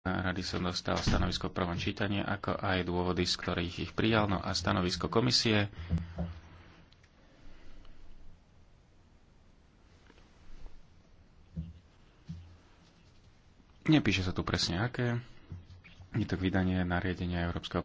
Rady som dostal stanovisko v prvom čítaní, ako aj dôvody, z ktorých ich prijal, no a stanovisko komisie. Nepíše sa tu presne aké. Je to vydanie nariadenia Európskeho